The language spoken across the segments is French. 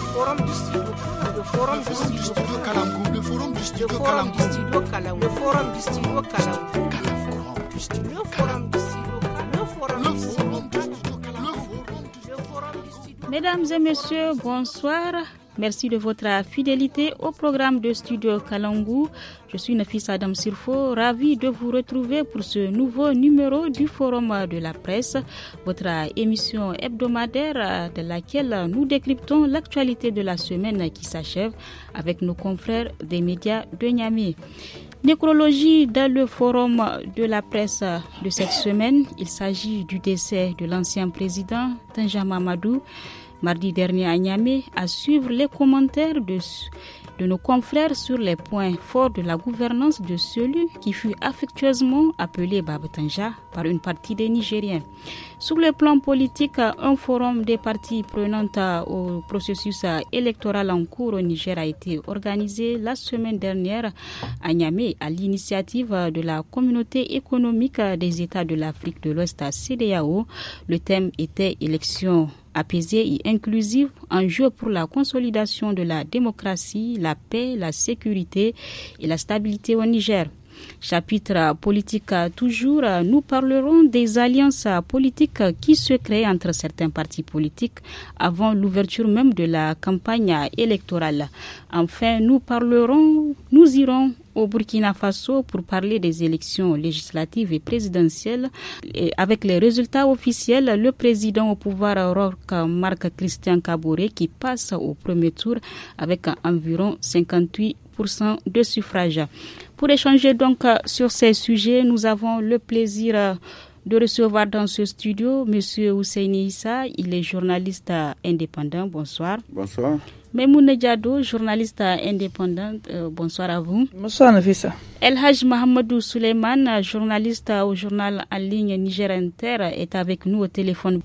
forum forum forum Mesdames et messieurs, bonsoir. Merci de votre fidélité au programme de Studio Kalangu. Je suis Nafis Adam Sirfo, ravi de vous retrouver pour ce nouveau numéro du Forum de la presse, votre émission hebdomadaire de laquelle nous décryptons l'actualité de la semaine qui s'achève avec nos confrères des médias de Niamey. Nécrologie dans le forum de la presse de cette semaine, il s'agit du décès de l'ancien président Tanja Mamadou mardi dernier à Niamey à suivre les commentaires de, nos confrères sur les points forts de la gouvernance de celui qui fut affectueusement appelé Babetanja par une partie des Nigériens. Sur le plan politique, un forum des partis prenantes euh, au processus euh, électoral en cours au Niger a été organisé la semaine dernière à Niamey à l'initiative de la communauté économique des États de l'Afrique de l'Ouest à CDAO. Le thème était élections apaisées et inclusive, jeu pour la consolidation de la démocratie, la paix, la sécurité et la stabilité au Niger. Chapitre politique toujours, nous parlerons des alliances politiques qui se créent entre certains partis politiques avant l'ouverture même de la campagne électorale. Enfin, nous parlerons, nous irons au Burkina Faso pour parler des élections législatives et présidentielles. avec les résultats officiels, le président au pouvoir, Marc Christian Caboret, qui passe au premier tour avec environ 58 de Pour échanger donc euh, sur ces sujets, nous avons le plaisir euh, de recevoir dans ce studio Monsieur Ousseini Issa. Il est journaliste euh, indépendant. Bonsoir. Bonsoir. Memoune Diado, journaliste indépendante, bonsoir à vous. Bonsoir Nafisa. El Haj Mohamedou Suleiman, journaliste au journal en ligne Niger Inter, est avec nous au téléphone.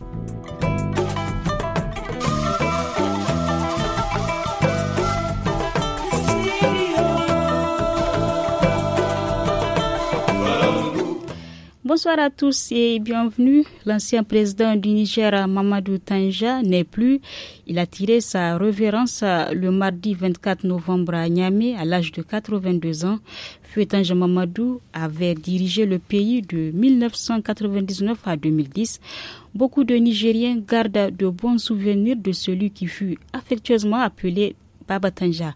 Bonsoir à tous et bienvenue. L'ancien président du Niger, Mamadou Tanja, n'est plus. Il a tiré sa révérence le mardi 24 novembre à Niamey à l'âge de 82 ans. Feu Tanja Mamadou avait dirigé le pays de 1999 à 2010. Beaucoup de Nigériens gardent de bons souvenirs de celui qui fut affectueusement appelé Baba Tanja.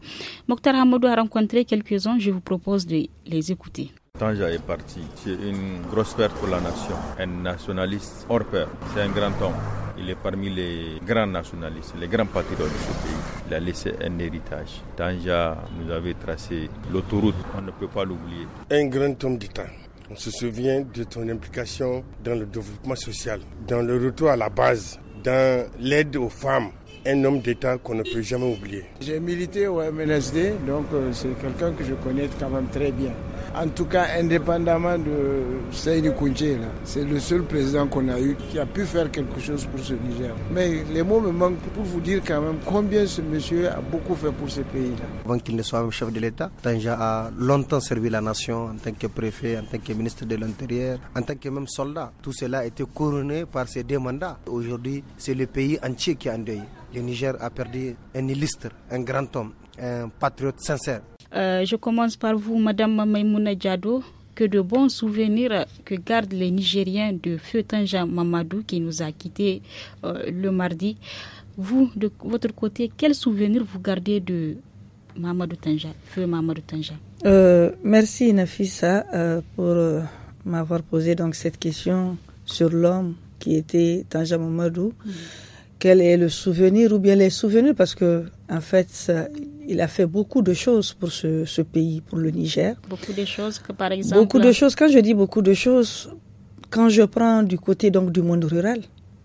Mokhtar Hamadou a rencontré quelques-uns. Je vous propose de les écouter. Tanja est parti, c'est une grosse perte pour la nation. Un nationaliste hors pair, c'est un grand homme. Il est parmi les grands nationalistes, les grands patriotes de ce pays. Il a laissé un héritage. Tanja nous avait tracé l'autoroute, on ne peut pas l'oublier. Un grand homme d'État. On se souvient de ton implication dans le développement social, dans le retour à la base, dans l'aide aux femmes. Un homme d'État qu'on ne peut jamais oublier. J'ai milité au MNSD, donc euh, c'est quelqu'un que je connais quand même très bien en tout cas indépendamment de Saïd Koundje. C'est le seul président qu'on a eu qui a pu faire quelque chose pour ce Niger. Mais les mots me manquent pour vous dire quand même combien ce monsieur a beaucoup fait pour ce pays-là. Avant qu'il ne soit chef de l'État, Tanja a longtemps servi la nation en tant que préfet, en tant que ministre de l'Intérieur, en tant que même soldat. Tout cela a été couronné par ses deux mandats. Aujourd'hui, c'est le pays entier qui est en deuil. Le Niger a perdu un illustre, un grand homme, un patriote sincère. Euh, je commence par vous, Madame Maimouna Diado. Que de bons souvenirs que gardent les Nigériens de Feu Tanja Mamadou qui nous a quittés euh, le mardi. Vous, de votre côté, quels souvenirs vous gardez de Mamadou Tanja, Feu Mamadou Tanja euh, Merci Nafisa pour m'avoir posé donc cette question sur l'homme qui était Tanja Mamadou. Mm. Quel est le souvenir ou bien les souvenirs parce que en fait ça, il a fait beaucoup de choses pour ce, pays, pour le Niger. Beaucoup de choses par exemple. Beaucoup de choses. Quand je dis beaucoup de choses, quand je prends du côté donc du monde rural,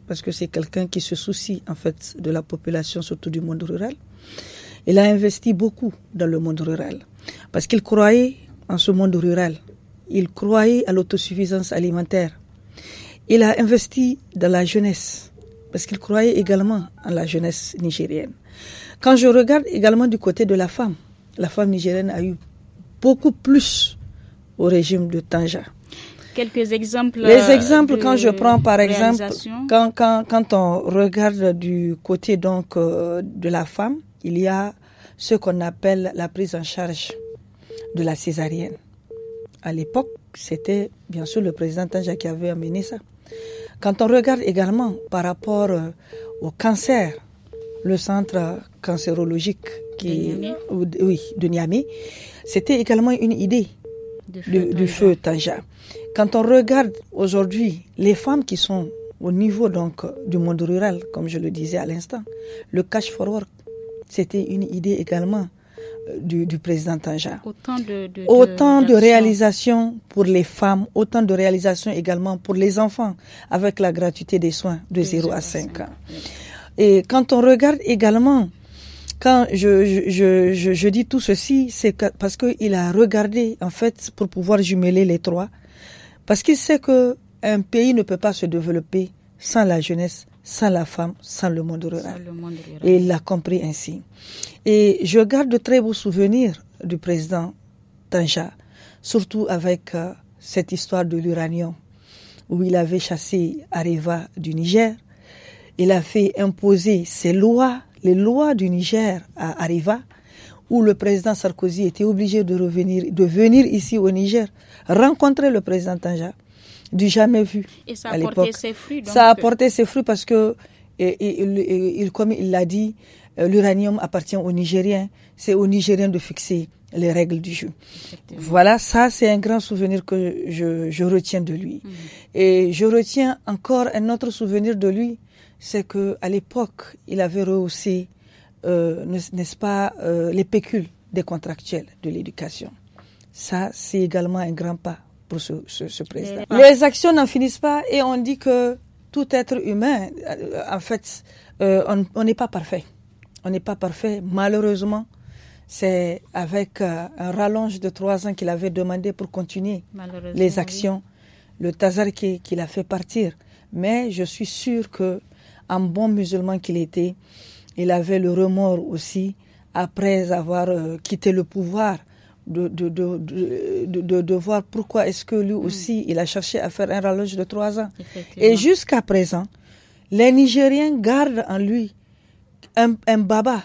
parce que c'est quelqu'un qui se soucie en fait de la population, surtout du monde rural. Il a investi beaucoup dans le monde rural parce qu'il croyait en ce monde rural. Il croyait à l'autosuffisance alimentaire. Il a investi dans la jeunesse parce qu'il croyait également en la jeunesse nigérienne. Quand je regarde également du côté de la femme, la femme nigérienne a eu beaucoup plus au régime de Tanja. Quelques exemples. Les exemples, euh, quand je prends par exemple, quand, on regarde du côté donc euh, de la femme, il y a ce qu'on appelle la prise en charge de la césarienne. À l'époque, c'était bien sûr le président Tanja qui avait amené ça. Quand on regarde également par rapport euh, au cancer, le centre cancérologique qui, de oui, de Niamey, c'était également une idée du feu, Tanja. Quand on regarde aujourd'hui les femmes qui sont au niveau donc du monde rural, comme je le disais à l'instant, le cash for work, c'était une idée également euh, du, président Tanja. Autant de, réalisations pour les femmes, autant de réalisations également pour les enfants, avec la gratuité des soins de, 0 à 5 ans. Et quand on regarde également, quand je, je, dis tout ceci, c'est parce qu'il a regardé, en fait, pour pouvoir jumeler les trois. Parce qu'il sait que pays ne peut pas se développer sans la jeunesse, sans la femme, sans le monde rural. Et il l'a compris ainsi. Et je garde de très beaux souvenirs du président Tanja, surtout avec euh, cette histoire de l'uranium, où il avait chassé Areva du Niger il a fait imposer ses lois, les lois du Niger à Ariva, où le président Sarkozy était obligé de revenir, de venir ici au Niger, rencontrer le président Tanja, du jamais vu. Et ça a porté ses fruits. Donc ça a porté ses fruits parce que, comme il l'a dit, euh, l'uranium appartient aux Nigériens. C'est aux Nigériens de fixer les règles du jeu. Voilà, ça c'est un grand souvenir que je, retiens de lui. Mhm. Et je retiens encore un autre souvenir de lui c'est que à l'époque, il avait rehaussé, euh, n'est-ce pas, euh, les pécules des contractuels de l'éducation. Ça, c'est également un grand pas pour ce, président. Les actions n'en finissent pas et on dit que tout être humain, euh, en fait, on n'est pas parfait. On n'est pas parfait, malheureusement. C'est avec un rallonge de trois ans qu'il avait demandé pour continuer les actions, le Tazar qui a fait partir. Mais je suis sûr que un bon musulman qu'il était, il avait le remords aussi après avoir euh, quitté le pouvoir. De, de, de, de, de voir pourquoi est-ce que lui mm. aussi, il a cherché à faire un rallonge de trois ans. Et jusqu'à présent, les Nigériens gardent en lui un, un baba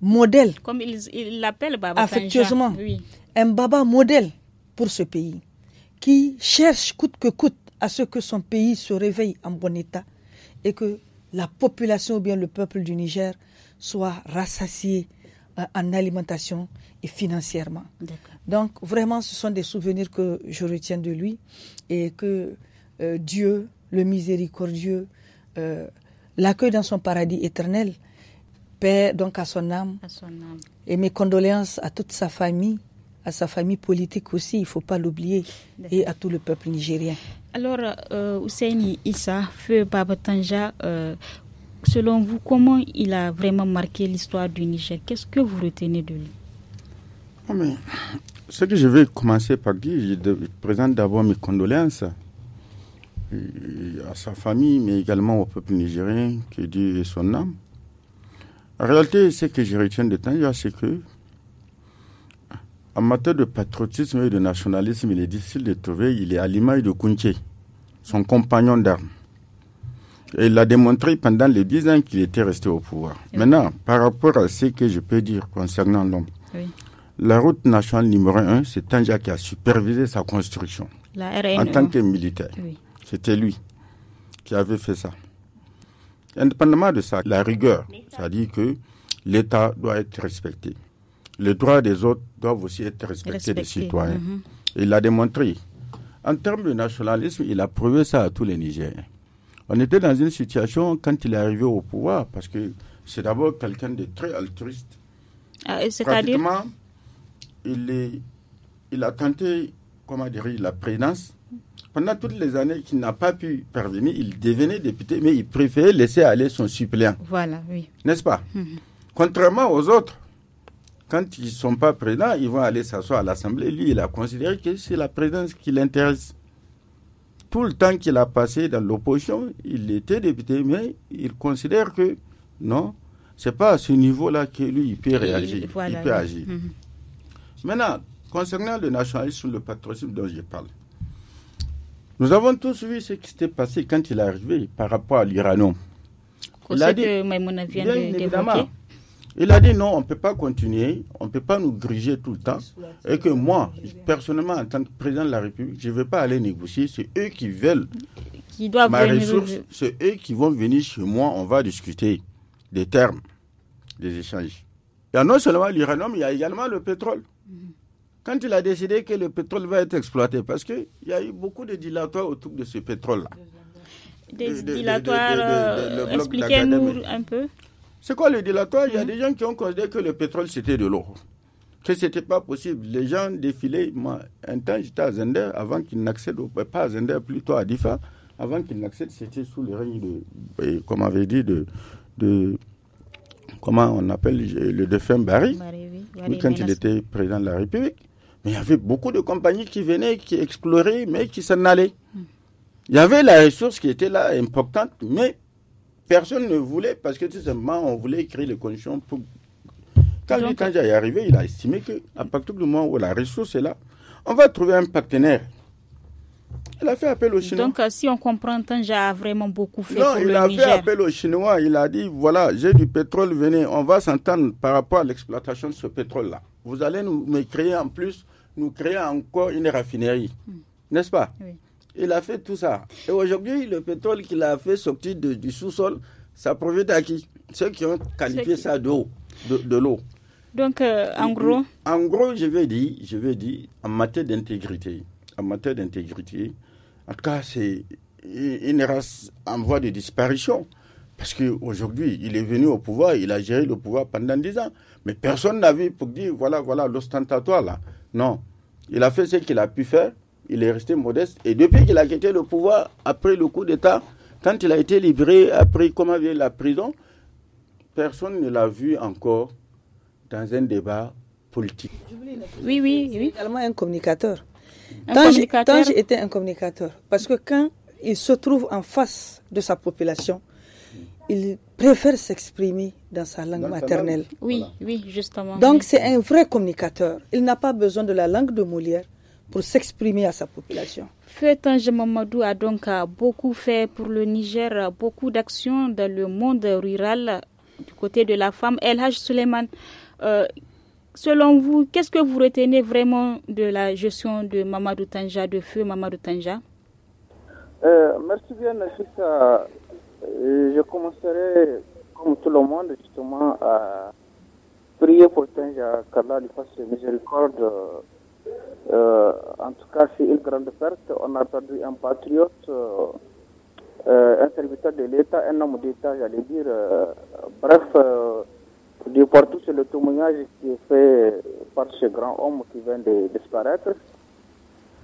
modèle. Comme ils l'appellent baba. Affectueusement. Un baba modèle pour ce pays qui cherche coûte que coûte à ce que son pays se réveille en bon état et que la population ou bien le peuple du Niger soit rassasié euh, en alimentation et financièrement. Donc vraiment, ce sont des souvenirs que je retiens de lui et que euh, Dieu, le miséricordieux, euh, l'accueille dans son paradis éternel. Paix donc à son âme. Et mes condoléances à toute sa famille à sa famille politique aussi, il ne faut pas l'oublier, et à tout le peuple nigérien. Alors, euh, Issa, Feu Babatanja, euh, selon vous, comment il a vraiment marqué l'histoire du Niger Qu'est-ce que vous retenez de lui ah, Ce que je vais commencer par dire, je, présente d'abord mes condoléances euh, à sa famille, mais également au peuple nigérien, qui dit son nom. En réalité, ce que je retiens de Tanja, c'est que Amateur de patriotisme et de nationalisme, il est difficile de trouver. Il est à l'image de Kunche, son compagnon d'armes. Et il l'a démontré pendant les dix ans qu'il était resté au pouvoir. Maintenant, par rapport à ce que je peux dire concernant l'homme, la route nationale numéro un, c'est Tanja qui a supervisé sa construction e. en tant que militaire. C'était lui qui avait fait ça. Indépendamment de ça, la rigueur, c'est-à-dire que l'État doit être respecté les droits des autres doivent aussi être respectés, des citoyens. Mhm. Il l'a démontré. En termes de nationalisme, il a prouvé ça à tous les Nigériens. On était dans une situation quand il est arrivé au pouvoir, parce que c'est d'abord quelqu'un de très altruiste. Ah, il, a tenté, comment dire, la présidence. Pendant toutes les années qu'il n'a pas pu parvenir, il devenait député, mais il préférait laisser aller son suppléant. Voilà, oui. N'est-ce pas mhm. Contrairement aux autres quand ils ne sont pas présents, ils vont aller s'asseoir à l'Assemblée. Lui, il a considéré que c'est la présence qui l'intéresse. Tout le temps qu'il a passé dans l'opposition, il était député, mais il considère que non, ce n'est pas à ce niveau-là que lui, il peut réagir. Il, peut agir. Mhm. Maintenant, concernant le nationalisme, le patriotisme dont je parle, nous avons tous vu ce qui s'était passé quand il est arrivé par rapport à l'Iranon. Il a dit, que il a dit non, on ne peut pas continuer, on ne peut pas nous griger tout le temps. Et que moi, personnellement, en tant que président de la République, je ne vais pas aller négocier. C'est eux qui veulent qui doivent ma venir ressource. C'est eux qui vont venir chez moi. On va discuter des termes, des échanges. Il y a non seulement l'uranium, il y a également le pétrole. Quand il a décidé que le pétrole va être exploité, parce qu'il y a eu beaucoup de dilatoires autour de ce pétrole Des dilatoires, expliquez-nous un peu. C'est quoi le dilatoire Il y a mmh. des gens qui ont considéré que le pétrole, c'était de l'eau. Que ce n'était pas possible. Les gens défilaient. Moi, un temps, j'étais à Zender avant qu'ils n'accèdent, pas à Zender, plutôt à Difa. Avant qu'ils n'accèdent, c'était sous le règne de, comme avait dit, de, de comment on appelle le défunt Barry, oui, quand il était président de la République. Mais il y avait beaucoup de compagnies qui venaient, qui exploraient, mais qui s'en allaient. Mmh. Il y avait la ressource qui était là, importante, mais Personne ne voulait, parce que tout simplement, on voulait créer les conditions pour. Quand Donc, est arrivé, il a estimé que qu'à partir du moment où la ressource est là, on va trouver un partenaire. Il a fait appel aux Chinois. Donc, euh, si on comprend, Tanja a vraiment beaucoup fait. Non, il a fait appel aux Chinois. Il a dit voilà, j'ai du pétrole, venez, on va s'entendre par rapport à l'exploitation de ce pétrole-là. Vous allez nous créer en plus, nous créer encore une raffinerie. Hmm. N'est-ce pas il a fait tout ça. Et aujourd'hui, le pétrole qu'il a fait sortir du sous-sol, ça provient à qui Ceux qui ont qualifié ça de, l'eau. Donc, euh, en gros En gros, je vais dire, je vais dire en matière d'intégrité, en matière d'intégrité, en tout cas, c'est une race en voie de disparition. Parce qu'aujourd'hui, il est venu au pouvoir, il a géré le pouvoir pendant 10 ans. Mais personne n'a vu pour dire, voilà, voilà, l'ostentatoire là. Non. Il a fait ce qu'il a pu faire il est resté modeste. Et depuis qu'il a quitté le pouvoir, après le coup d'État, quand il a été libéré, après comment la prison, personne ne l'a vu encore dans un débat politique. Oui, oui, oui. Tellement un communicateur. Un était un communicateur, parce que quand il se trouve en face de sa population, il préfère s'exprimer dans sa langue maternelle. Oui, oui, justement. Donc c'est un vrai communicateur. Il n'a pas besoin de la langue de Molière pour s'exprimer à sa population. Tanja Mamadou a donc beaucoup fait pour le Niger, beaucoup d'actions dans le monde rural du côté de la femme. El Haj Suleiman, euh, selon vous, qu'est-ce que vous retenez vraiment de la gestion de Mamadou Tanja, de feu Mamadou Tanja euh, Merci bien, euh, Je commencerai, comme tout le monde, justement, à prier pour Tanja, qu'Allah lui fasse miséricorde euh, en tout cas, c'est une grande perte. On a perdu un patriote, un euh, euh, serviteur de l'État, un homme d'État, j'allais dire. bref, du partout, c'est le témoignage qui est fait par ce grand homme qui vient de disparaître.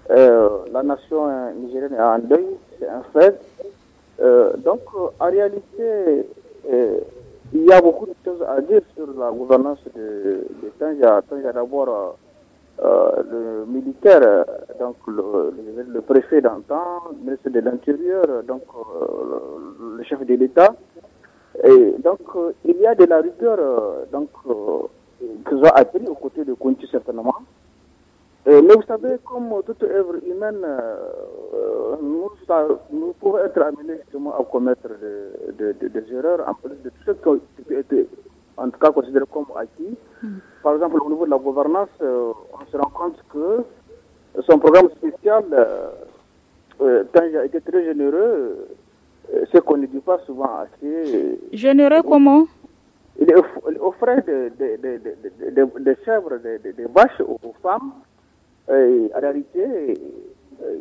la nation nigérienne est en deuil, c'est un fait. donc, en réalité, il y a beaucoup de choses à dire sur la gouvernance de, de Tanja. d'abord euh, le militaire, donc le, préfet d'antan, le ministre de l'Intérieur, donc euh, le chef de l'État. Et donc, euh, il y a de la rigueur donc, qui ont appris aux côtés de Conti, certainement. mais vous savez, comme toute œuvre humaine, nous, pouvons être amenés justement à commettre des erreurs en plus de tout ce qui en tout cas considéré comme acquis. Hmm. Par exemple, au niveau de la gouvernance, euh, on se rend compte que son programme spécial, euh, euh il a été très généreux, euh, ce qu'on ne dit pas souvent assez. Généreux comment il, offrait des chèvres, des vaches aux, femmes. Et, en réalité,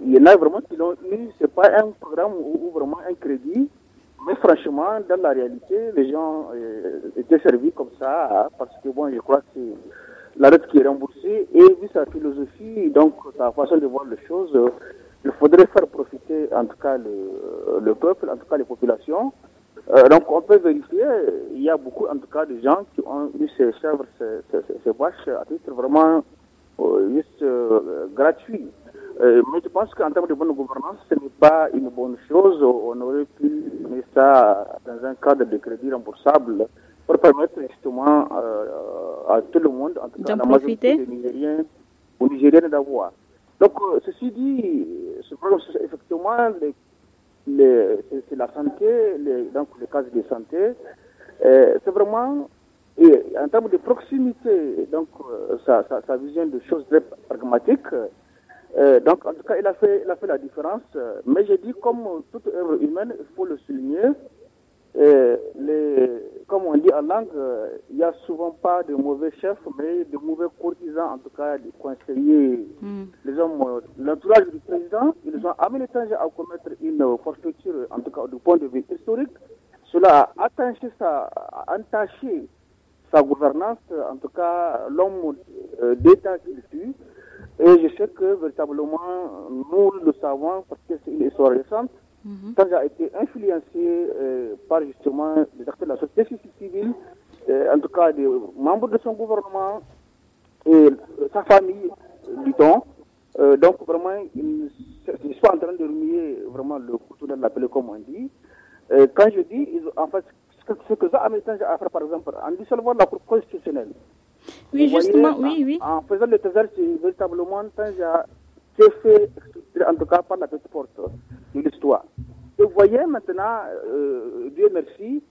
il y en a vraiment qui l'ont eu. Ce n'est pas un programme ou vraiment un crédit. Mais franchement, dans la réalité, les gens euh, étaient servis comme ça, parce que bon, je crois que la dette qui est remboursée, et vu sa philosophie, donc sa façon de voir les choses, euh, il faudrait faire profiter en tout cas le, peuple, en tout cas les populations. Euh, donc on peut vérifier, il y a beaucoup en tout cas de gens qui ont eu ces chèvres, ces, à titre vraiment juste gratuit. Euh, mais je pense qu'en termes de bonne gouvernance, ce n'est pas une bonne chose. On aurait pu mettre ça dans un cadre de crédit remboursable pour permettre justement euh, à tout le monde, en tout cas la majorité des Nigériens, ou Nigériennes d'avoir. Donc, euh, ceci dit, effectivement, c'est la santé, donc les cas de santé. c'est vraiment, en termes de proximité, donc ça ça de choses très pragmatiques, euh, donc, en tout cas, il a fait, il a fait la différence. Euh, mais j'ai dit, comme toute œuvre humaine, il faut le souligner. Euh, comme on dit en langue, il n'y a souvent pas de mauvais chefs, mais de mauvais courtisans, en tout cas des conseillers. Hmm. Les hommes, l'entourage du président, ils ont amené l'étranger à commettre une structure, en tout cas du point de vue historique. Cela a attaché sa, sa gouvernance, en tout cas l'homme d'État qu'il tue. Et je sais que véritablement, nous le savons parce que c'est une histoire récente. Mhm. a été influencé euh, par justement des acteurs de la société civile, euh, en tout cas des membres de son gouvernement et euh, sa famille, dit temps. donc vraiment, ils, sont en train de remuer vraiment le couteau de la comme on dit. quand je dis, en fait, ce que, ça a à faire, par exemple, en dissolvant la Cour constitutionnelle, oui, justement, oui, oui. En, faisant le trésor, c'est véritablement un c'est fait, en tout cas par la petite porte de l'histoire. Vous voyez maintenant, euh, Dieu merci,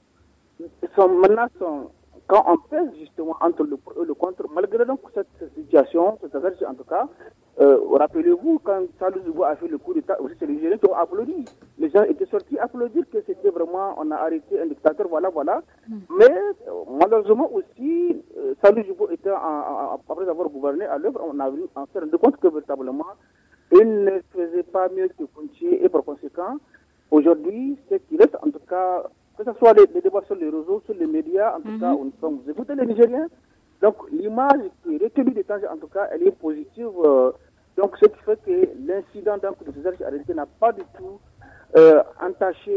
son, maintenant son, en on pèse justement entre le le contre, malgré donc cette situation, cette affaire, en tout cas, euh, rappelez-vous, quand Salou Djibo a fait le coup d'État, c'est les gens qui ont applaudi. Les gens étaient sortis applaudir que c'était vraiment, on a arrêté un dictateur, voilà, voilà. Mm. Mais euh, malheureusement aussi, euh, Salou était, après avoir gouverné à l'œuvre, on a vu en de compte que véritablement, il ne faisait pas mieux que Fontier et par conséquent, aujourd'hui, ce qui reste en tout cas que ce soit les, débats sur les réseaux, sur les médias, en tout mhm. cas, on, vous écoutez les Nigériens, donc l'image qui est retenue des temps, en tout cas, elle est positive. Euh, donc ce qui fait que l'incident de ces n'a pas du tout euh, entaché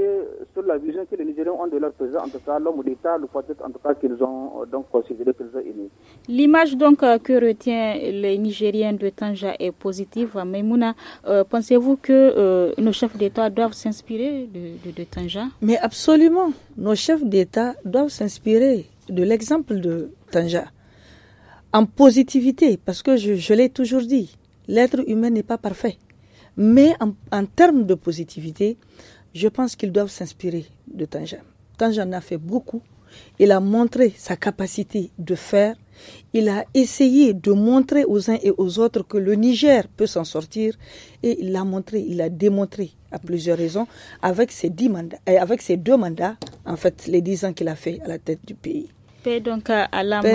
sur la vision que les Nigériens ont de leur président, en tout cas l'homme d'État, le en tout cas qu'ils ont euh, donc considéré qu'ils ont aimé. L'image donc euh, que retient les Nigériens de Tanja est positive. Maimouna, pensez-vous que nos chefs d'État doivent s'inspirer de, Tanja Mais absolument, nos chefs d'État doivent s'inspirer de l'exemple de Tanja. En positivité, parce que je l'ai toujours dit, l'être humain n'est pas parfait. Mais en, termes de positivité, je pense qu'ils doivent s'inspirer de Tanjan. Tanjan a fait beaucoup. Il a montré sa capacité de faire. Il a essayé de montrer aux uns et aux autres que le Niger peut s'en sortir. Et il l'a montré, il l'a démontré à plusieurs raisons avec ses, dix mandats, euh, avec ses deux mandats, en fait, les dix ans qu'il a fait à la tête du pays donc à l'âme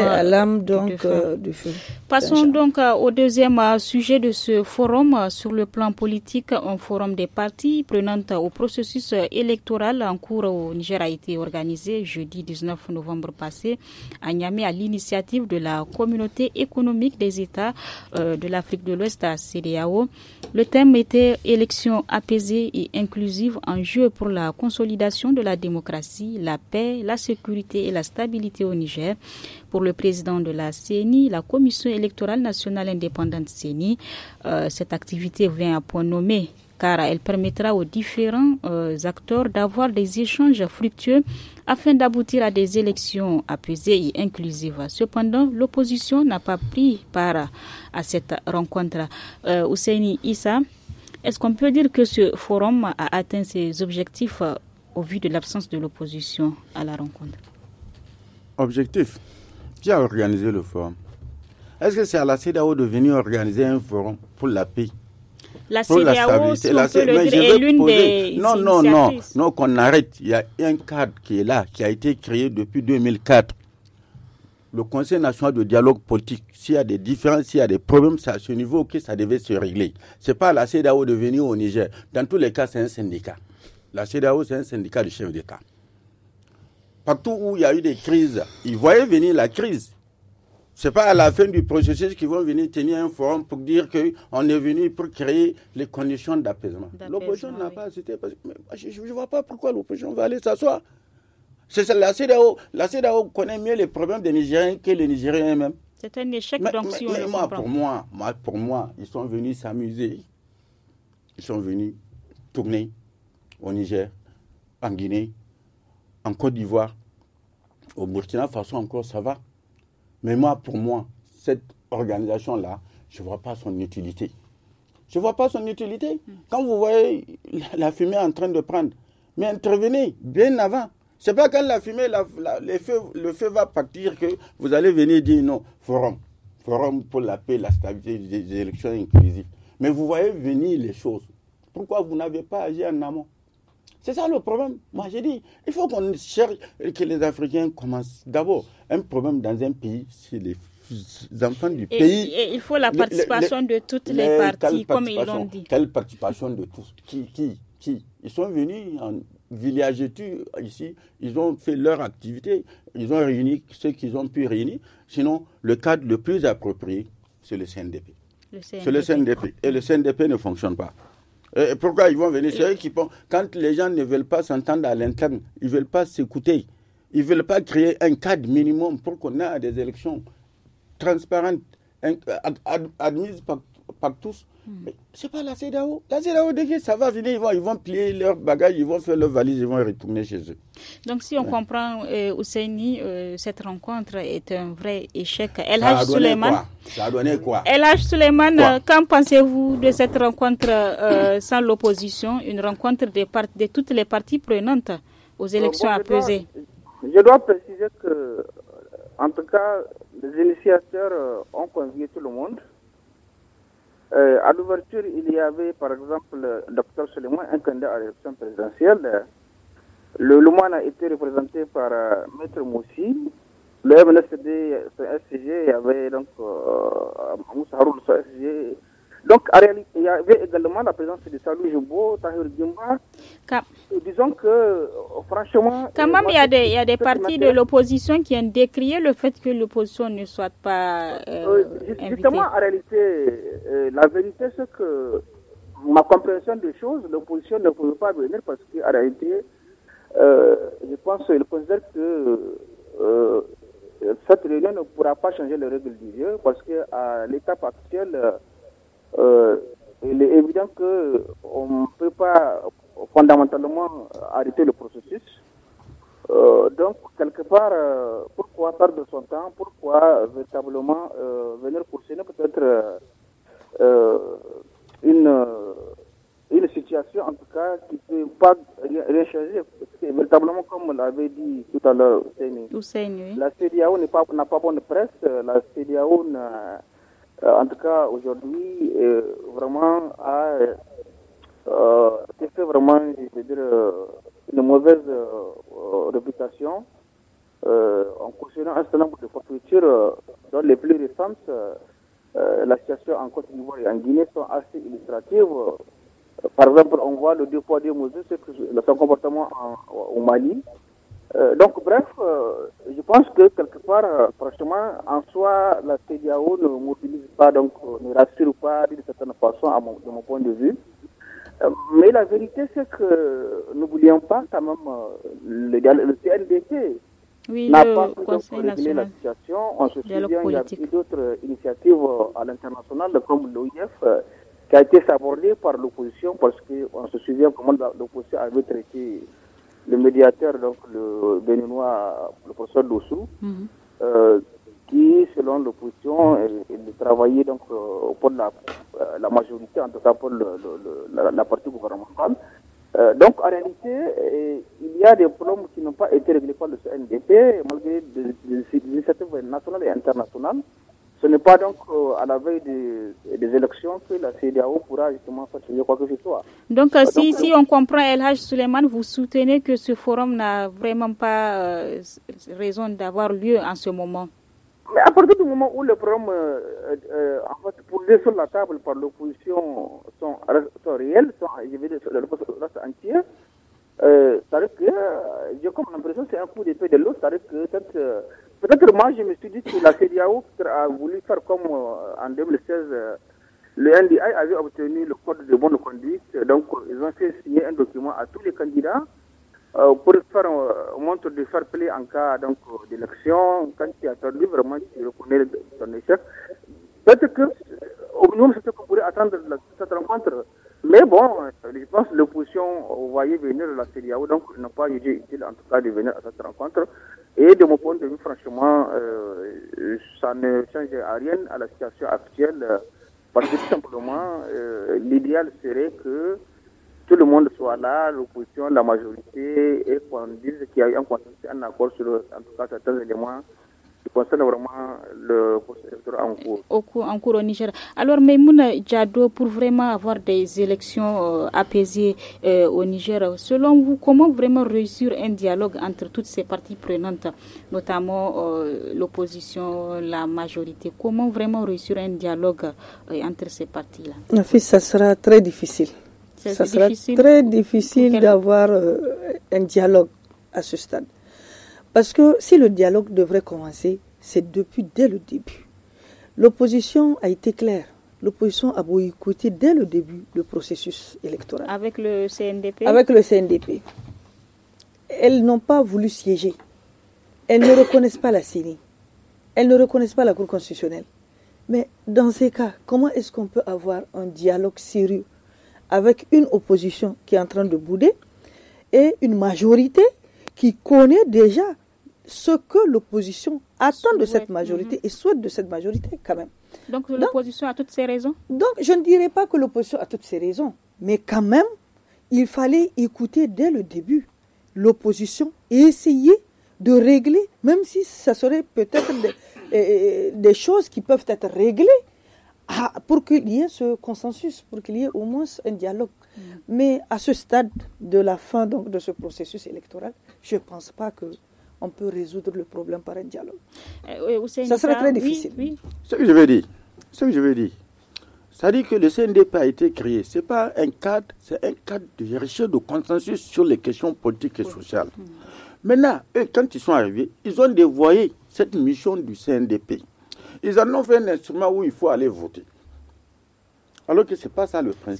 euh, du feu. Euh, du feu. Passons donc euh, au deuxième sujet de ce forum sur le plan politique, un forum des partis prenant au processus électoral en cours au Niger a été organisé jeudi 19 novembre passé à Niamey à l'initiative de la communauté économique des États de l'Afrique de l'Ouest à CDAO. Le thème était élections apaisées et inclusives en jeu pour la consolidation de la démocratie, la paix, la sécurité et la stabilité au Niger ». Niger. Pour le président de la CENI, la Commission électorale nationale indépendante CENI, euh, cette activité vient à point nommé car elle permettra aux différents euh, acteurs d'avoir des échanges fructueux afin d'aboutir à des élections apaisées et inclusives. Cependant, l'opposition n'a pas pris part à cette rencontre. Euh, Issa, est-ce qu'on peut dire que ce forum a atteint ses objectifs au vu de l'absence de l'opposition à la rencontre objectif. Qui a organisé le forum Est-ce que c'est à la CDAO de venir organiser un forum pour la paix la pour la stabilité, l'une des non, non, non, non, qu'on arrête. Il y a un cadre qui est là, qui a été créé depuis 2004. Le Conseil national de dialogue politique, s'il y a des différences, s'il y a des problèmes, c'est à ce niveau que ça devait se régler. Ce n'est pas la CDAO de venir au Niger. Dans tous les cas, c'est un syndicat. La CDAO c'est un syndicat du chef d'État. Partout où il y a eu des crises, ils voyaient venir la crise. Ce n'est pas à la fin du processus qu'ils vont venir tenir un forum pour dire qu'on est venu pour créer les conditions d'apaisement. L'opposition n'a pas accepté. je ne vois pas pourquoi l'opposition va aller s'asseoir. C'est la CEDAO. La connaît mieux les problèmes des Nigériens que les Nigériens eux-mêmes. C'est un échec pour pour moi, ils sont venus s'amuser. Ils sont venus tourner au Niger, en Guinée, en Côte d'Ivoire, au Burkina façon encore, ça va. Mais moi, pour moi, cette organisation-là, je ne vois pas son utilité. Je ne vois pas son utilité. Quand vous voyez la fumée en train de prendre, mais intervenez bien avant. C'est pas quand la fumée, le feu va partir que vous allez venir dire non, forum, forum pour la paix, la stabilité des élections inclusives. Mais vous voyez venir les choses. Pourquoi vous n'avez pas agi en amont c'est ça le problème. Moi, j'ai dit, il faut qu'on cherche que les Africains commencent d'abord un problème dans un pays, c'est les enfants du pays. Et il faut la participation de toutes les, parties, comme ils l'ont dit. Quelle participation de tous Qui Ils sont venus en village ici, ils ont fait leur activité, ils ont réuni ce qu'ils ont pu réunir. Sinon, le cadre le plus approprié, c'est le CNDP. C'est le CNDP. Et le CNDP ne fonctionne pas. Euh, pourquoi ils vont venir C'est euh, eux qui pensent. Quand les gens ne veulent pas s'entendre à l'interne, ils ne veulent pas s'écouter, ils ne veulent pas créer un cadre minimum pour qu'on ait des élections transparentes, admises par pas tous. Hmm. c'est pas la CEDAO. La CEDAO, ça va venir, ils vont, plier leurs bagages, ils vont faire leurs valises, ils vont retourner chez eux. Donc, si on comprend, euh, Ousseini, euh, cette rencontre est un vrai échec. El les Suleiman. Ça donné quoi El qu'en pensez-vous de cette rencontre euh, sans l'opposition, une rencontre de, de toutes les parties prenantes aux euh, élections à peser Je dois préciser que, en tout cas, les initiateurs ont convié tout le monde euh, à l'ouverture, il y avait par exemple docteur Soleiman, un candidat à l'élection présidentielle. Le Lumana a été représenté par euh, Maître Moussi. Le MNSD, un SCG, il y avait donc euh, Moussa sur son SG. Donc, en réalité, il y avait également la présence de Salou Jumbo, Tahir Djumba. Disons que, euh, franchement. Euh, Quand même, il y a des, des partis de l'opposition qui ont décrié le fait que l'opposition ne soit pas. Euh, justement, en réalité, la vérité, c'est que ma compréhension des choses, l'opposition ne pouvait pas venir parce qu'en réalité, je pense que cette réunion ne pourra pas changer les règles du jeu parce qu'à l'étape actuelle, que qu'on ne peut pas fondamentalement arrêter le processus. Euh, donc, quelque part, euh, pourquoi perdre son temps Pourquoi véritablement euh, venir poursuivre peut-être une, une situation, en tout cas, qui ne peut pas rien changer Véritablement, comme l'avait dit tout à l'heure, la CDAO n'a pas, pas bonne presse, la CDAO n'a euh, en tout cas aujourd'hui, euh, vraiment, a ah, fait euh, vraiment, dire, une mauvaise réputation en concernant un certain nombre de fortitudes Dans les plus récentes, la situation en Côte d'Ivoire et en Guinée sont assez illustratives. Par exemple, on voit le deux de deux mesures, son comportement au Mali, euh, donc, bref, euh, je pense que quelque part, euh, franchement, en soi, la CDAO ne mobilise pas, donc ne rassure pas d'une certaine façon, à mon, de mon point de vue. mais la vérité, c'est que n'oublions pas quand même le, le Oui, n'a pas pu la situation. On se souvient, il y a eu d'autres initiatives à l'international, comme l'OIF, qui a été sabordée par l'opposition parce qu'on se souvient comment l'opposition avait traité le médiateur, donc le béninois, le professeur Dossou, mhm. euh, qui, selon l'opposition, travaillait donc euh, pour euh, la, majorité, en tout cas pour le, la, partie gouvernementale. Euh, donc, en réalité, eh, il y a des problèmes qui n'ont pas été réglés par le CNDP, malgré des initiatives nationales et internationales. Ce n'est pas donc euh, à la veille des, élections que la CDAO pourra justement faire quoi que ce soit. Donc, euh, si, euh, si on comprend El Haj Suleiman, vous soutenez que ce forum n'a vraiment pas raison d'avoir lieu en ce moment mais à partir du moment où le programme, en fait, sur la table par l'opposition sont, réels, sont, je vais dire, entier, ça veut que, j'ai comme l'impression que c'est un coup d'épée de l'autre, ça veut que cette Peut-être moi, je me suis dit que la CDAO a voulu faire comme euh, en 2016, euh, le NDI avait obtenu le code de bonne conduite. Donc, ils ont fait signer un document à tous les candidats euh, pour faire montre de faire play en cas d'élection. Quand tu as perdu, vraiment, tu reconnais ton échec. Peut-être que nous, c'est ce qu'on pourrait attendre de cette rencontre. Mais bon, je pense que l'opposition voyait venir la CDAO, donc ils n'ont pas eu utile en tout cas de venir à cette rencontre. Et de mon point de vue, franchement, euh, ça ne change à rien à la situation actuelle, euh, parce que tout simplement, euh, l'idéal serait que tout le monde soit là, l'opposition, la majorité, et qu'on dise qu'il y a un consensus, un accord sur en tout cas certains éléments concerne vraiment le en cours. Au cours, en cours au Niger. Alors, Meymouna Djado, pour vraiment avoir des élections euh, apaisées euh, au Niger, selon vous, comment vraiment réussir un dialogue entre toutes ces parties prenantes, notamment euh, l'opposition, la majorité Comment vraiment réussir un dialogue entre ces parties-là En ça sera très difficile. Ça, sera très difficile d'avoir un dialogue à ce stade. Parce que si le dialogue devrait commencer, c'est depuis dès le début. L'opposition a été claire. L'opposition a boycotté dès le début le processus électoral. Avec le CNDP Avec le CNDP. Elles n'ont pas voulu siéger. Elles ne reconnaissent pas la CENI. Elles ne reconnaissent pas la Cour constitutionnelle. Mais dans ces cas, comment est-ce qu'on peut avoir un dialogue sérieux avec une opposition qui est en train de bouder et une majorité qui connaît déjà ce que l'opposition attend de cette majorité mhm. et souhaite de cette majorité quand même. Donc l'opposition a toutes ses raisons Donc je ne dirais pas que l'opposition a toutes ses raisons, mais quand même, il fallait écouter dès le début l'opposition et essayer de régler, même si ça serait peut-être des euh, euh, choses qui peuvent être réglées ah, pour qu'il y ait ce consensus, pour qu'il y ait au moins un dialogue. Mm. Mais à ce stade de la fin donc, de ce processus électoral, je ne pense pas que on peut résoudre le problème par un dialogue. Eh ça serait très difficile. Ce que je veux dire, ce que je veux dire, ça dit que le CNDP a été créé. Ce n'est pas un cadre, c'est un cadre de recherche de consensus sur les questions politiques et sociales. Mm. Maintenant, quand ils sont arrivés, ils ont dévoyé cette mission du CNDP. Ils en ont fait un instrument où il faut aller voter. Alors que ce n'est pas ça le principe.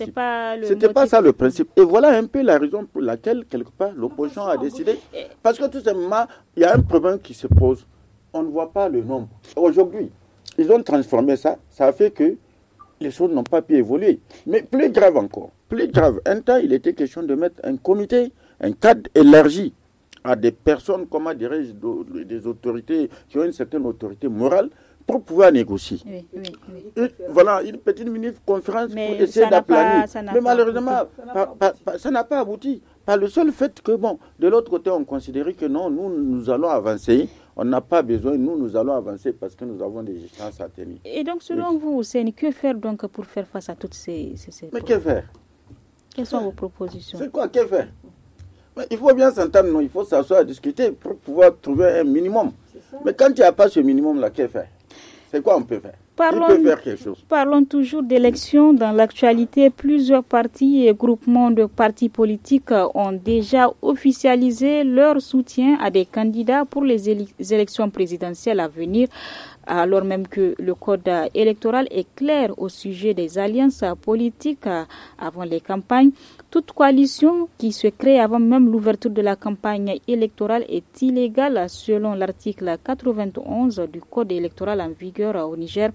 C'était pas, pas ça le principe. Et voilà un peu la raison pour laquelle, quelque part, l'opposition a décidé. Parce que tout simplement, il y a un problème qui se pose. On ne voit pas le nombre. Aujourd'hui, ils ont transformé ça. Ça a fait que les choses n'ont pas pu évoluer. Mais plus grave encore, plus grave, un temps, il était question de mettre un comité, un cadre élargi à des personnes, comment dirais-je, des autorités qui ont une certaine autorité morale pour pouvoir négocier. voilà, une petite mini-conférence pour essayer d'aplanir. Mais malheureusement, ça n'a pas abouti. Par le seul fait que, bon, de l'autre côté, on considérait que non, nous, nous allons avancer. On n'a pas besoin, nous, nous allons avancer parce que nous avons des chances à tenir. Et donc, selon vous, c'est que faire donc pour faire face à toutes ces... Mais que faire Quelles sont vos propositions C'est quoi, que faire Mais Il faut bien s'entendre, non il faut s'asseoir, à discuter pour pouvoir trouver un minimum. Mais quand il n'y a pas ce minimum-là, que faire c'est quoi on peut faire Parlons, faire quelque chose. parlons toujours d'élections. Dans l'actualité, plusieurs partis et groupements de partis politiques ont déjà officialisé leur soutien à des candidats pour les élections présidentielles à venir alors même que le code électoral est clair au sujet des alliances politiques avant les campagnes. Toute coalition qui se crée avant même l'ouverture de la campagne électorale est illégale selon l'article 91 du Code électoral en vigueur au Niger,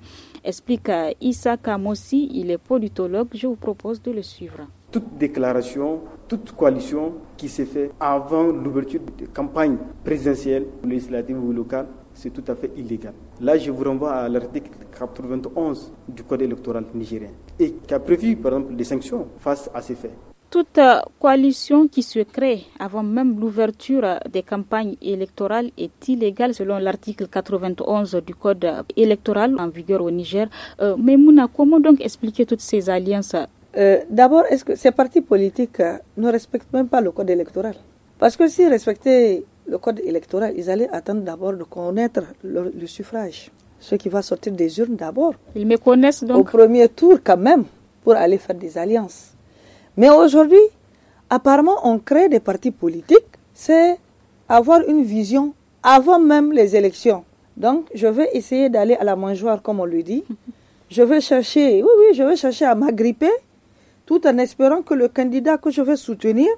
explique Issa Kamossi, il est politologue. Je vous propose de le suivre toute déclaration, toute coalition qui se fait avant l'ouverture de campagne présidentielle, législative ou locale, c'est tout à fait illégal. Là, je vous renvoie à l'article 91 du Code électoral nigérien et qui a prévu, par exemple, des sanctions face à ces faits toute coalition qui se crée avant même l'ouverture des campagnes électorales est illégale selon l'article 91 du Code électoral en vigueur au Niger. Euh, mais Mouna, comment donc expliquer toutes ces alliances euh, D'abord, est-ce que ces partis politiques euh, ne respectent même pas le Code électoral Parce que s'ils respectaient le Code électoral, ils allaient attendre d'abord de connaître le, le suffrage, ce qui va sortir des urnes d'abord. Ils me connaissent donc. Au premier tour quand même, pour aller faire des alliances. Mais aujourd'hui, apparemment, on crée des partis politiques, c'est avoir une vision avant même les élections. Donc, je vais essayer d'aller à la mangeoire, comme on le dit. Je vais chercher, oui, oui, je vais chercher à m'agripper, tout en espérant que le candidat que je vais soutenir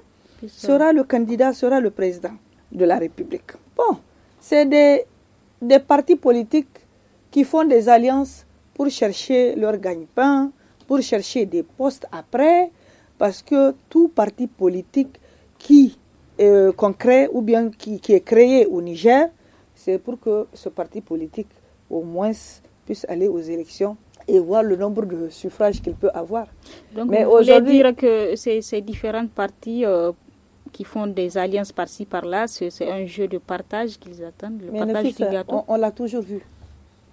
sera le candidat, sera le président de la République. Bon, c'est des, des partis politiques qui font des alliances pour chercher leur gagne-pain, pour chercher des postes après, parce que tout parti politique qui est euh, concret ou bien qui, est créé au Niger, c'est pour que ce parti politique au moins puisse aller aux élections et voir le nombre de suffrages qu'il peut avoir. Donc Mais vous voulez dire que ces, différents partis euh, qui font des alliances par-ci par-là, c'est un jeu de partage qu'ils attendent, le partage du gâteau. On, on l'a toujours vu.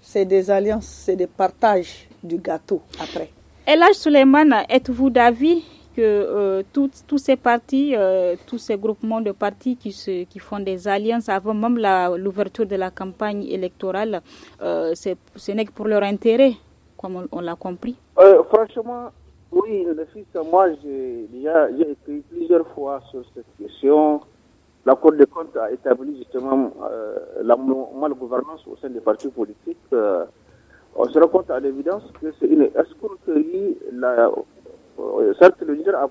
C'est des alliances, c'est des partages du gâteau après. Et là, Suleiman, êtes-vous d'avis que euh, tous ces partis, euh, tous ces groupements de partis qui, se, qui font des alliances avant même l'ouverture de la campagne électorale, euh, ce n'est que pour leur intérêt, comme on, l'a compris. Euh, franchement, oui, le moi j'ai déjà écrit plusieurs fois sur cette question. La Cour des comptes a établi justement la malgouvernance au sein des partis politiques. on se rend compte à l'évidence que c'est une escroquerie. La, certes, le leader a,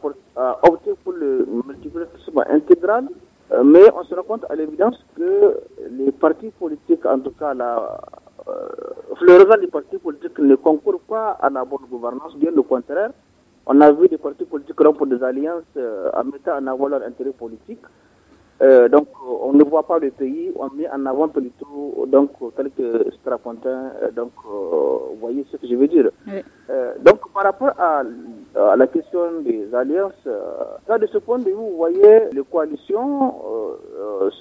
opté pour le multiplication intégral, euh, mais on se rend compte à l'évidence que les partis politiques, en tout cas la, euh, floraison des partis politiques ne concourent pas à la bonne gouvernance, bien au contraire. On a vu des partis politiques rompre des alliances euh, en mettant en avant leur intérêt politique. Euh, donc, on ne voit pas le pays, on met en avant plutôt, donc, tel que euh, donc, euh, vous voyez ce que je veux dire. donc, par rapport à, la question des alliances, là, de ce point de vue, vous voyez, les coalitions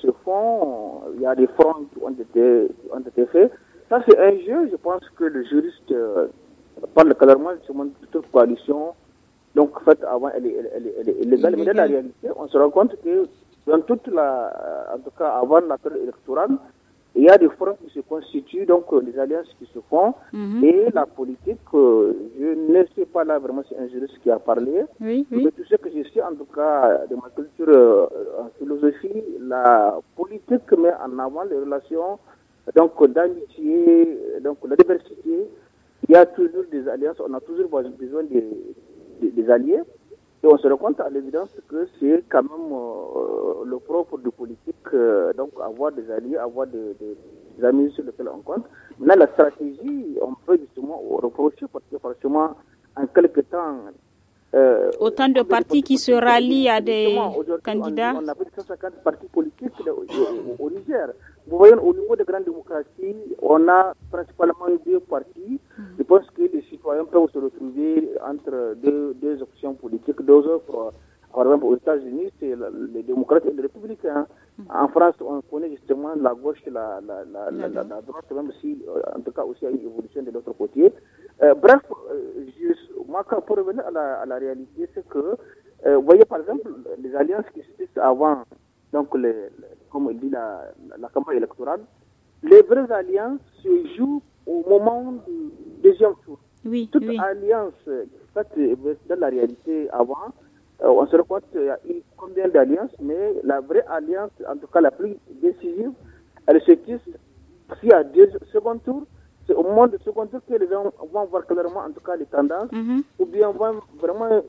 se font, il y a des fronts qui ont été, ont été faits. Ça, c'est un jeu, je pense que le juriste parle clairement de toute coalition. Donc, fait, avant, elle est, elle est, Mais la réalité, on se rend compte que dans toute la, euh, en tout cas avant la électoral, il y a des forums qui se constituent, donc les euh, alliances qui se font, mhm. et la politique, euh, je ne sais pas là vraiment, c'est un juriste qui a parlé, mais tout ce que je sais, en tout cas, de ma culture en philosophie, la politique met en avant les relations donc d'amitié, donc la diversité. Il y a toujours des alliances, on a toujours besoin des alliés. Et on se rend compte à l'évidence que c'est quand même euh, le propre de politique, euh, donc avoir des alliés, avoir des, des, amis sur lesquels on compte. Là, la stratégie, on peut justement reprocher parce que forcément, en quelque temps, euh, Autant de partis qui se rallient à des candidats. On, a plus de 150 partis politiques au, Niger. Vous voyez, au niveau des grandes démocraties, on a principalement deux partis. Hmm. Je pense que les citoyens peuvent se retrouver entre deux, deux options politiques, deux offres. Euh, par exemple, aux États-Unis, c'est les démocrates et les républicains. Hmm. En France, on connaît justement la gauche et la, la, la, droite, même si, euh, en tout cas, aussi, il y a une évolution de l'autre côté. bref, je pour revenir à la, réalité, c'est que, euh, vous voyez, par exemple, les alliances qui se existent avant, donc, comme dit la, campagne électorale, les vraies alliances se jouent au moment du deuxième tour. Oui, Toute alliance, en fait, dans la réalité avant, euh, on se rend compte qu'il y a combien d'alliances, mais la vraie alliance, en tout cas la plus décisive, elle se tisse s'il y a deux secondes tours. C'est au moins de secondaire que les gens vont voir clairement, en tout cas, les tendances, mhm. ou bien vont vraiment euh,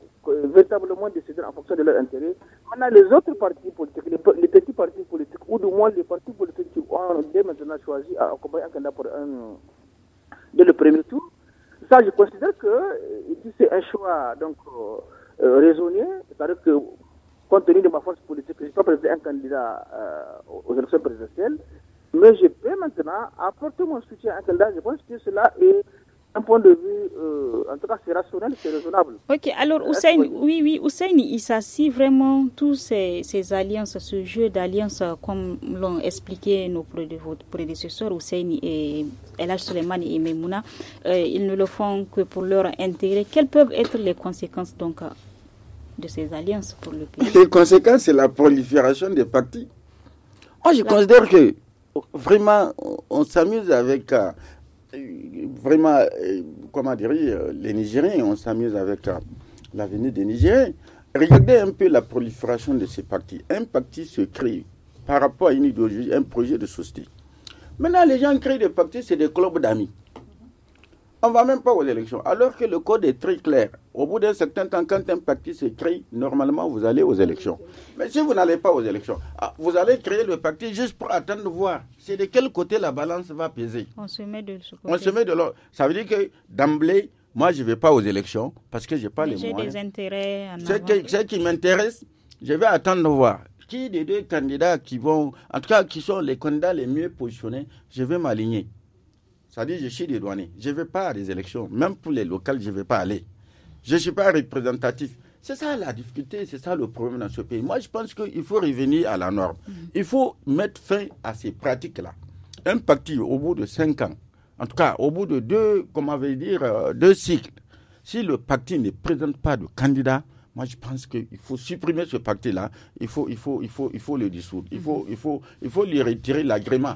véritablement décider en fonction de leurs intérêts. a les autres partis politiques, les, petits partis politiques, ou du moins les partis politiques qui ont dès maintenant choisi à accompagner un candidat pour le premier tour, ça, je considère que euh, c'est un choix donc euh, raisonné, c'est-à-dire que compte tenu de ma force politique, je ne suis pas un candidat aux élections présidentielles, mais je peux maintenant apporter mon soutien à Kalda. Je pense que cela est un point de vue, euh, en tout cas, c'est rationnel, c'est raisonnable. Ok, alors Hussein, oui, oui, Hussein il s'assit vraiment tous ces, alliances, ce jeu d'alliances, euh, comme l'ont expliqué nos prédécesseurs, Hussein et Elhaj Soleimani et Memouna, euh, ils ne le font que pour leur intérêt. Quelles peuvent être les conséquences donc de ces alliances pour le pays Les conséquences, c'est la prolifération des partis. Moi, oh, je considère que vraiment, on s'amuse avec euh, vraiment, euh, comment dire, euh, les Nigériens, on s'amuse avec l'avenir des Nigériens. Regardez un peu la prolifération de ces partis. Un parti se crée par rapport à une idéologie, un projet de société. Maintenant, les gens créent des partis, c'est des clubs d'amis. On ne va même pas aux élections. Alors que le code est très clair. Au bout d'un certain temps, quand un parti se normalement, vous allez aux élections. Mais si vous n'allez pas aux élections, ah, vous allez créer le parti juste pour attendre de voir c'est de quel côté la balance va peser. On se met de ce On se met de Ça veut dire que d'emblée, moi, je ne vais pas aux élections parce que je n'ai pas les moyens. J'ai des intérêts qui, ce qui m'intéresse, je vais attendre de voir qui des deux candidats qui vont, en tout cas, qui sont les candidats les mieux positionnés, je vais m'aligner. C'est-à-dire, je suis dédouané. Je ne vais pas à des élections. Même pour les locales, je ne vais pas aller. Je ne suis pas représentatif. C'est ça la difficulté, c'est ça le problème dans ce pays. Moi, je pense qu'il faut revenir à la norme. Mhm. Il faut mettre fin à ces pratiques-là. Un parti, au bout de cinq ans, en tout cas, au bout de deux, comment dire, euh, deux cycles, si le parti ne présente pas de candidat, moi, je pense qu'il faut supprimer ce pacte-là. Il faut, il, faut, il, faut, il faut le dissoudre. Il, faut, mhm. il, faut, il faut lui retirer l'agrément.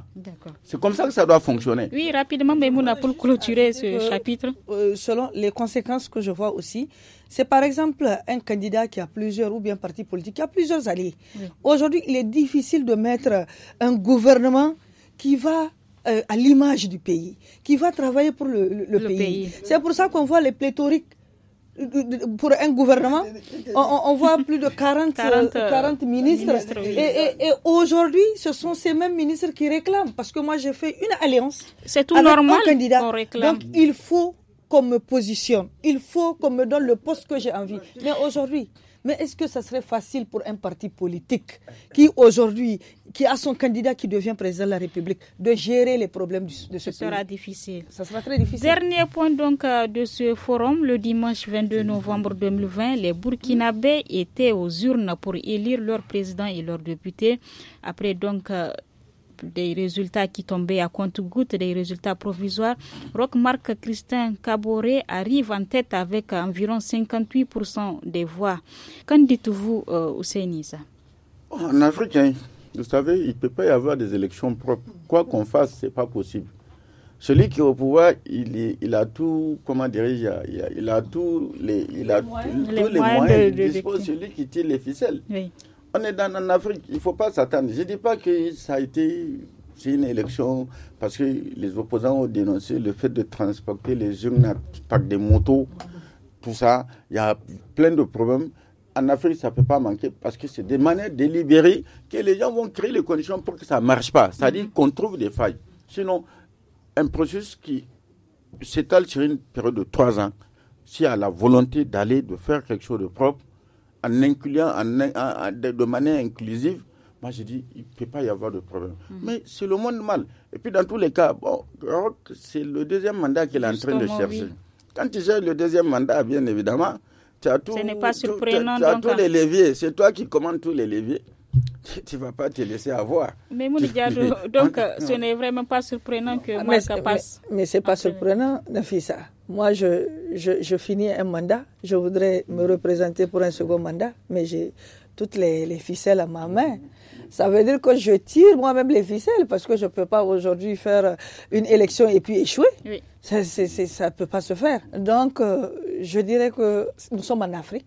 C'est comme ça que ça doit fonctionner. Oui, rapidement, mais Mouna, pour clôturer ce euh, chapitre. Euh, selon les conséquences que je vois aussi, c'est par exemple un candidat qui a plusieurs, ou bien un parti politique, qui a plusieurs alliés. Aujourd'hui, il est difficile de mettre un gouvernement qui va euh, à l'image du pays, qui va travailler pour le, pays. C'est pour ça qu'on voit les pléthoriques pour un gouvernement, on, voit plus de 40, 40, euh, euh, ministres. Et, aujourd'hui, ce sont ces mêmes ministres qui réclament, parce que moi j'ai fait une alliance. C'est tout normal. Un candidat. réclame. Donc il faut qu'on me positionne, il faut qu'on me donne le poste que j'ai envie. Mais aujourd'hui, mais est-ce que ça serait facile pour un parti politique qui aujourd'hui, qui a son candidat qui devient président de la République, de gérer les problèmes de ce pays Ça sera difficile. Ça sera très difficile. Dernier point donc euh, de ce forum, le dimanche 22 novembre 2020, les Burkinabés étaient aux urnes pour élire leur président et leurs députés. Après donc euh, des résultats qui tombaient à compte goutte des résultats provisoires, Rockmark Christin Caboret arrive en tête avec environ 58% des voix. Qu'en dites-vous, euh, En Afrique, hein, vous savez, il ne peut pas y avoir des élections propres. Quoi qu'on fasse, ce n'est pas possible. Celui qui est au pouvoir, il, il a tout, comment dirais-je, il, a, tous les, il a tous les moyens de, dispose, celui qui tire les ficelles. Oui on est dans en Afrique, il ne faut pas s'attendre. Je ne dis pas que ça a été c'est une élection parce que les opposants ont dénoncé le fait de transporter les urnes par des motos, tout ça. Il y a plein de problèmes. En Afrique, ça ne peut pas manquer parce que c'est des manières délibérées que les gens vont créer les conditions pour que ça ne marche pas. C'est-à-dire mm-hmm. qu'on trouve des failles. Sinon, un processus qui s'étale sur une période de trois ans, s'il y a la volonté d'aller, de faire quelque chose de propre, en incluant en, de, manière inclusive, moi je dis il ne peut pas y avoir de problème. Mhm. Mais c'est le monde mal. Et puis dans tous les cas, bon, c'est le deuxième mandat qu'il est en train de chercher. Quand tu cherches le deuxième mandat, bien évidemment, tu as, tous les hein. leviers. C'est toi qui commandes tous les leviers tu ne vas pas te laisser avoir. Mais donc ce n'est vraiment pas surprenant que ah, moi ça passe. Mais ce n'est pas surprenant, ça moi, je, je, finis un mandat, je voudrais me mhm. représenter pour un second mandat, mais j'ai toutes les, ficelles à ma main. Ça veut dire que je tire moi-même les ficelles parce que je ne peux pas aujourd'hui faire une élection et puis échouer. Oui. Ça ne peut pas se faire. Donc, euh, je dirais que nous sommes en Afrique.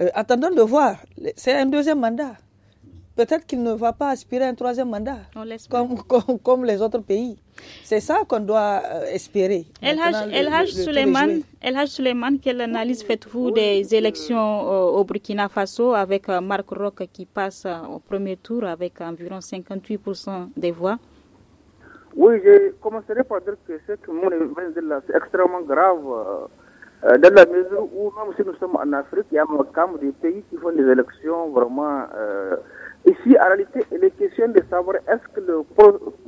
Euh, attendons de voir. C'est un deuxième mandat. Peut-être qu'il ne va pas aspirer un troisième mandat, comme, comme les autres pays. C'est ça qu'on doit euh, espérer. El Haj Suleiman, quelle analyse faites-vous des élections euh, au Burkina Faso avec euh, Marc Roch qui passe au premier tour avec environ 58% des voix Oui, je commencerai par dire que c'est extrêmement grave. dans la mesure où, même si nous sommes en Afrique, il y a un camp des pays qui font des élections vraiment Ici, en réalité, il est question de savoir est-ce que le,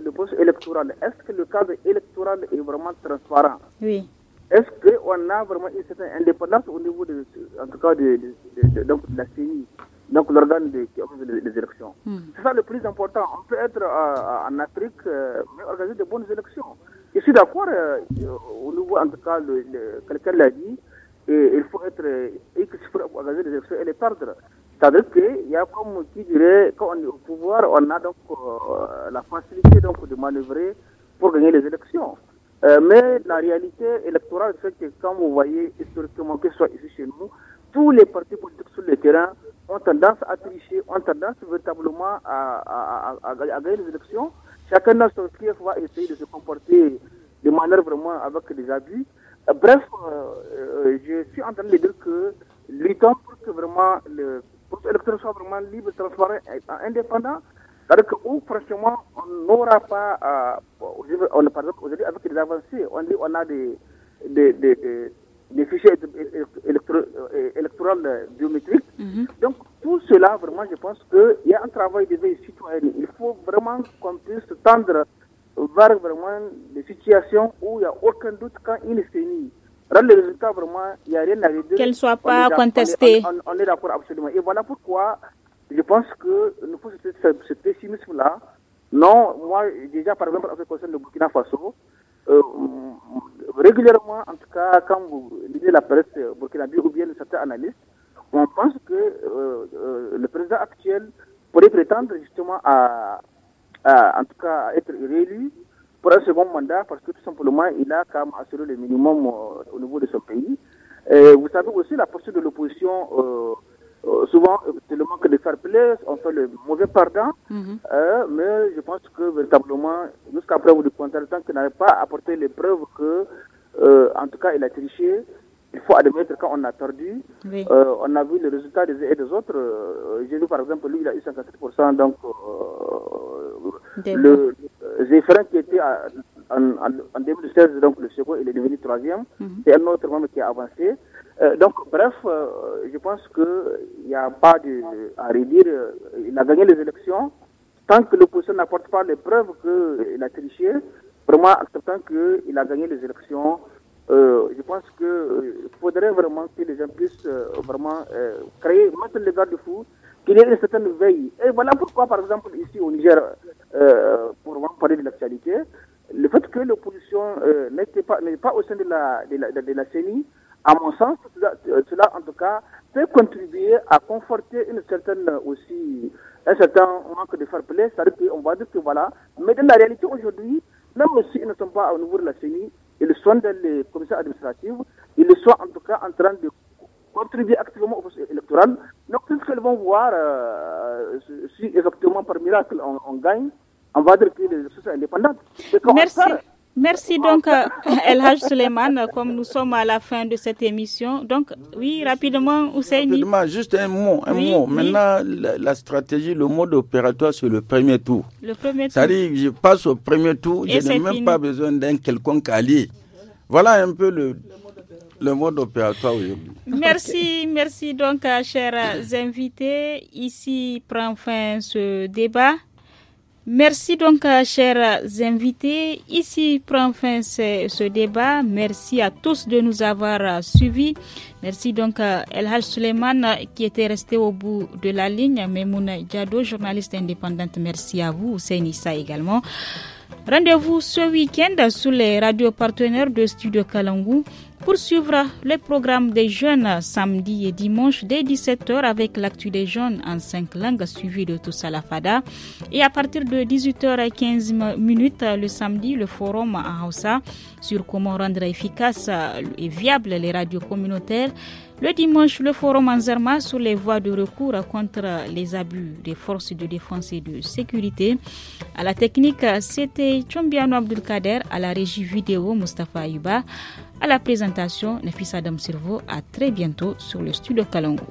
le électoral, est-ce que le cadre électoral est vraiment transparent Oui. Est-ce qu'on a vraiment une certaine indépendance au niveau, de, en de, la CENI, donc l'organe qui organise les, élections hmm. C'est ça le plus important. On peut être euh, en Afrique, euh, mais organiser de bonnes élections. Je suis d'accord, euh, au niveau, en tout cas, quelqu'un l'a dit, et il faut être, et faut organiser des élections et les perdre cest à dire qu'il y a comme qui dirait, quand on est au pouvoir, on a donc euh, la facilité donc de manœuvrer pour gagner les élections. Euh, mais la réalité électorale c'est que, quand vous voyez historiquement, que ce soit ici chez nous, tous les partis politiques sur le terrain ont tendance à tricher, ont tendance véritablement à, gagner les élections. Chacun dans son fief va essayer de se comporter de manière vraiment avec des abus. Euh, bref, je suis en train de dire que luttons pour que vraiment le pour que l'électeur soit vraiment libre, transparent et eh, indépendant, cest à que franchement, on n'aura pas, eh, on, par exemple, aujourd'hui, avec les avancées, on a des, des, fichiers électoraux eh, biométriques. Mhm. Donc, tout cela, vraiment, je pense qu'il y a un travail de veille citoyenne. Il faut vraiment qu'on puisse tendre vers vraiment des situations où il n'y a aucun doute quand il est fini. Qu'elle les vraiment, il n'y a rien à Qu'elle ne soit pas contestée. On, est d'accord absolument. Et voilà pourquoi je pense que nous faut ce, ce pessimisme-là. Non, moi, déjà, par exemple, en ce qui concerne le Burkina Faso, euh, régulièrement, en tout cas, quand vous lisez la presse burkinabé ou bien certains analystes, on pense que euh, euh, le président actuel pourrait prétendre justement à, à en tout cas, à être réélu pour un second mandat parce que tout simplement, il a quand même assuré le minimum euh, au niveau de son pays. Et vous savez aussi la posture de l'opposition, euh, euh, souvent c'est le manque de faire plaisir, on fait le mauvais pardon, mhm. mais je pense que véritablement, jusqu'à preuve du le temps qu'il n'avait pas apporté les preuves que, en tout cas, il a triché, il faut admettre quand on a perdu, euh, on a vu le résultat des uns et des autres. Génou, euh, par exemple, lui, il a eu 57%, donc euh, le Zéphirin qui était en, 2016, donc le second, il est devenu troisième. Mhm. C'est un autre membre qui a avancé. donc, bref, je pense qu'il n'y a pas de, à redire. Il a gagné les élections. Tant que l'opposition n'apporte pas les preuves qu'il a triché, vraiment acceptant qu'il a gagné les élections, euh, je pense qu'il euh, faudrait vraiment que les gens puissent euh, vraiment euh, créer, mettre les garde-fous, qu'il y ait une certaine veille. Et voilà pourquoi, par exemple, ici au Niger, euh, pour parler de l'actualité, le fait que l'opposition n'était pas, pas au sein de la, de la, de CENI, à mon sens, cela, en tout cas peut contribuer à conforter une certaine aussi un certain manque de fair play, c'est-à-dire va dire que voilà, mais dans la réalité aujourd'hui, même si ils ne sont pas au niveau de la CENI, ils sont dans les commissions administratives, ils sont en tout cas en train de contribuer activement au processus électoral. Donc, qu'elles vont voir euh, si exactement par miracle on, gagne, on va dire que les indépendant. sont indépendantes. Merci. Merci donc euh, El Haj Suleiman, comme nous sommes à la fin de cette émission. Donc oui, rapidement, Ousseini. Rapidement, juste un mot, un mot. Maintenant, la, stratégie, le mode opératoire, sur le premier tour. Le premier tour. C'est-à-dire, je passe au premier tour, je n'ai même pas besoin d'un quelconque allié. Voilà un peu le, le mode opératoire aujourd'hui. Merci, merci donc euh, chers invités. Ici prend fin ce débat. Merci donc, euh, chers invités. Ici prend fin ce, débat. Merci à tous de nous avoir euh, suivis. Merci donc à euh, Haj Suleiman qui était resté au bout de la ligne. Memoun Diado, journaliste indépendante. Merci à vous. Nissa également. Rendez-vous ce week-end sur les radios partenaires de Studio Kalangou poursuivre le programme des jeunes samedi et dimanche dès 17h avec l'actu des jeunes en cinq langues suivi de tout salafada. Et à partir de 18h15 le samedi, le forum à Hausa sur comment rendre efficace et viable les radios communautaires le dimanche, le forum Anzerma sur les voies de recours contre les abus des forces de défense et de sécurité. À la technique, c'était Chombiano Abdulkader, à la régie vidéo Mustafa Ayuba, à la présentation Nefis Adam Sirvo. À très bientôt sur le studio Kalongo.